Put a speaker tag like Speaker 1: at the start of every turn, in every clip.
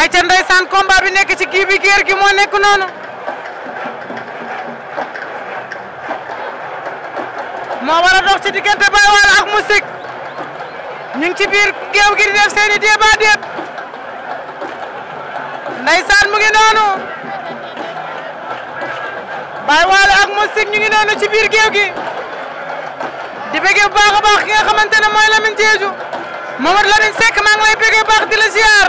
Speaker 1: ayca ndeysaan combat bi nekk ci kii bi géer gi moo nekk noonu moo war a dox ci diggante Baye Wally ak Moustique ñu ngi ci biir géew gi di def seen i débat déeb ndeysaan mu ngi noonu Baye Wally ak Moustique ñu ngi noonu ci biir géew gi di bëggee bu baax a baax ki nga xamante ne mooy Lamine Diédhiou Mamadou Lamine Seck maa ngi lay bëggee baax di la ziar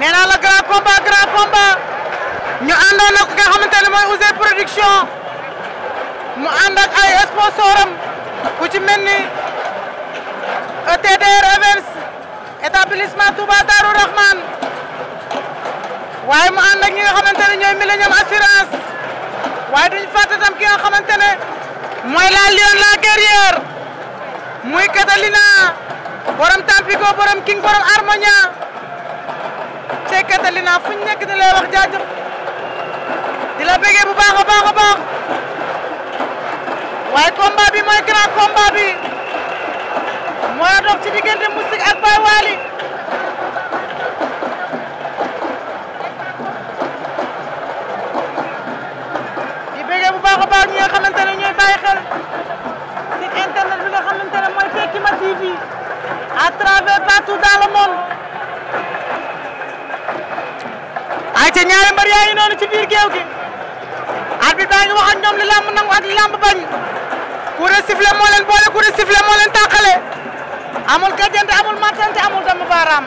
Speaker 1: nee naa grand combat grand combat ñu àndoon ak nga xamante mooy Ouzin production mu ànd ay sponsor ku ci mel ni e TDR Events établissement Touba Darou Rahman waaye mu ànd ak ñi nga ñooy Millennium assurance waaye duñ fàtte tam ki nga xamante mooy la lion la guerrière muy Catalina borom Tampico borom King borom Harmonia. Chez Catalina nekk di wax jaajëf di la bu baax a baax a combat bi mooy grand combat bi dox ci diggante musique ak di bu ñi nga ne xel internet bi nga ne à travers partout dans le monde biir géew gi arbitre baa ngi wax ñoom li làmb nangu ak li làmb bañ coup de sifflet moo boole coup de sifflet moo leen amul gàjjante amul màttante amul dama baaraam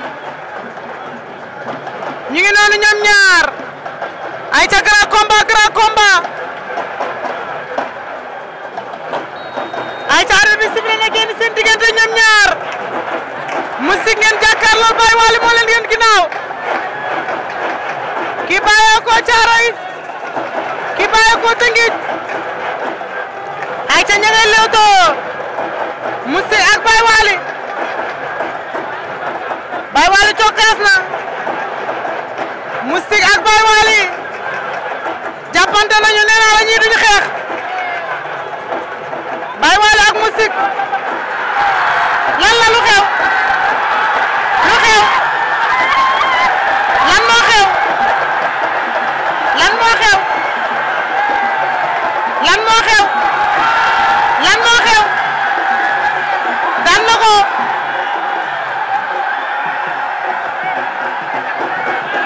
Speaker 1: ñu noonu ñoom ñaar ki bàyyee ko caaray ki bàyyee ko tëngit ay ca ña ngay lewtoo musi ak Baye Waly Baye Waly cokkaas na musi ak Baye Waly jàppante nañu nee naa la duñu xeex Baye Waly ak musi lan la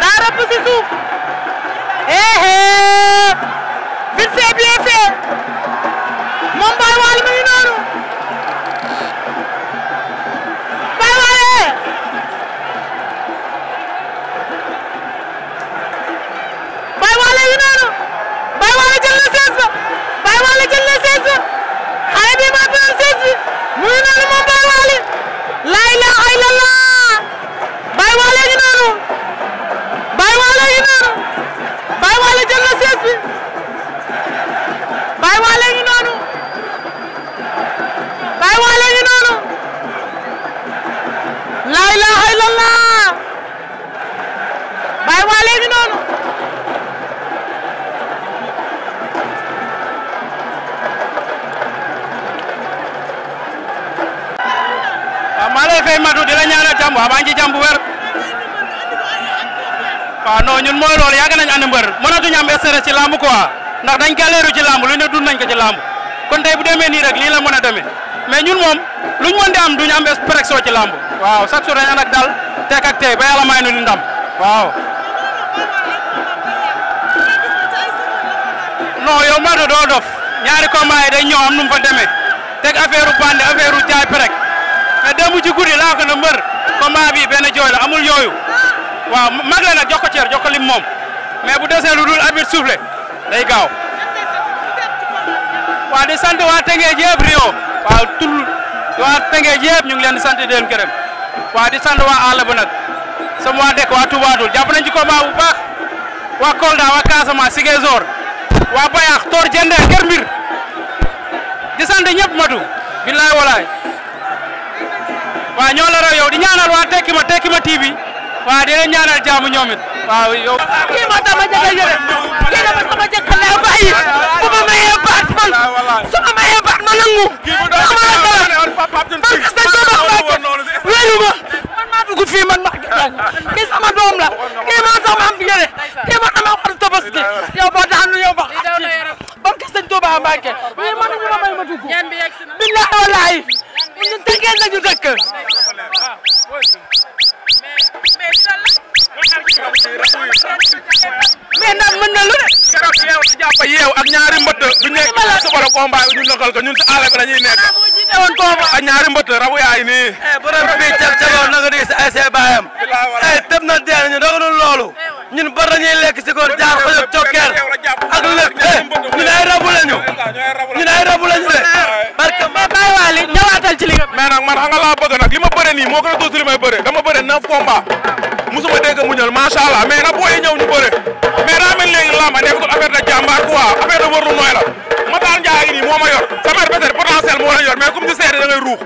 Speaker 1: Dar rëbb si suuf eh vite fait bien fait moom Baye Wally mu ngi noonu Baye Wally Baye Wally ngi noonu Baye Wally jël na sees ba Baye Wally jël na sees ba xale bi maa bëggoon sees bi mu ngi noonu moom walla Baye Wally ngi noonu
Speaker 2: waaw maa lay fay matu di la ñaanal jàmm waaw maa ngi ci jàmm bu wér waaw non ñun mooy loolu yàgg nañ ci làmb quoi ndax dañ galéeru ci lu dund nañ ko ci kon bu rek la mais ñun moom luñ mën am duñu am pression ci làmb waaw chaque jour dañu dal tek ak tey ba yàlla nu ñu ndam waaw. non yow Maodo doo ñaari combat yi day ñëw am nu fa demee teg affaire bande affaire jaay prek mais démb ci guddi laa ko na mbër combat bi benn jooy la amul yooyu waaw mag la nag jox ko lim moom mais bu desee lu dul arbitre soufflé day gaaw. waa di sant waa Tëngéej yëpp Rio. waaw tur tengah Tëngéej yëpp ñu ngi leen di sant di leen gërëm waa di sant waa ala ba nag sama waa dëkk waa Touba Toul jàpp nañ ci combat bu baax waa Kolda waa Casamance Bayax Tor Jende Kër Mbir di sant ñëpp matu billaay walaay waa ñoo la raw yow di ñaanal waa tekki ma tekki ma TV waa di leen ñaanal jaamu ñoom it yow kii moo tax ma jëkkër yëre dama sama jëkkër laa bu ma man ma nangu
Speaker 3: man maa dugg fii man maa gis
Speaker 2: kii sama doom la kii maa tax ma am yére kii ma dama war a tabaski yow boo daan yow ba barke sëñ Tuuba Mbàkke mais man ñu ma may ma dugg billahi wallahi ñun tënkee nañu dëkk
Speaker 3: mais ndax mën na lu ne.
Speaker 1: keroog
Speaker 3: ak ñaari mbëtt du nekk su ko combat ñu nëkkal ko ñun si àll bi la ñuy nekk. ak ñaari mbëtt rabu yaay nii. Eh, borom bi cal caloon na nga di si ay see baayam. Eh, tëb na dee ñu dogalul loolu. Eh, ñun bor dañuy lekk si góor jaar ko yëpp cokkeer ak lépp ñun ay rabu lañu ñun ay rabu lañu de. Waly ñëwaatal ci li nga. mais nag man xam nga laa bëgg nag li ma bëre nii moo gën a tuuti li may bëre musuma dégg mu ñëw macha allah mais nag ñu bëre mais daa mel léegi làmba nekkatul affaire de jàmbaar quoi affaire de nooy la Matar Ndiaye ak nii yor sama peut-être potentiel moo la yor mais comme seede da ngay ruux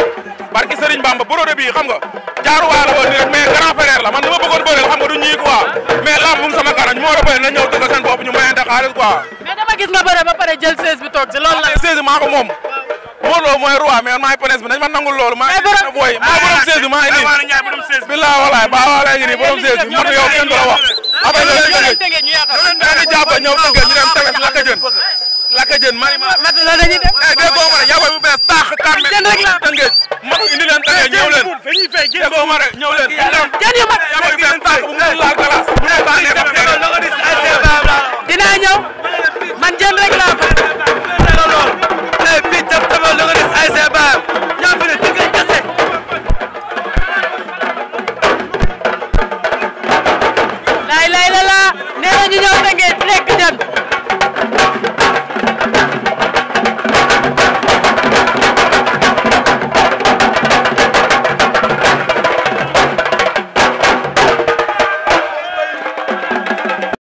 Speaker 3: barki Serigne Bamba borode bi xam nga jaaruwaay la woon nii rek mais grand frère la man dama bëggoon bëre xam nga du ñii quoi mais làmb a ba pare jël 16 bi toog ci loolu la 16 ah, maa Modou Lo mooy roi mais man maay presse bi nañ ma nangul loolu maa ngi ne booy maa borom 16 bi maa ngi nii billaay walaay baa walaay ngi nii borom 16 bi man yow kenn du la wax après ñu leen tëgee da nga jàpp ñëw tëgee ñu dem tefes lakka jën lakka jën ma mat la dañuy def ay déggoo ma rek yaa bu bees taax kan me tëngee ma indi leen tëgee ñëw leen déggoo ma rek ñëw leen jën yu mat yaa bu bees taax bu mu laal glace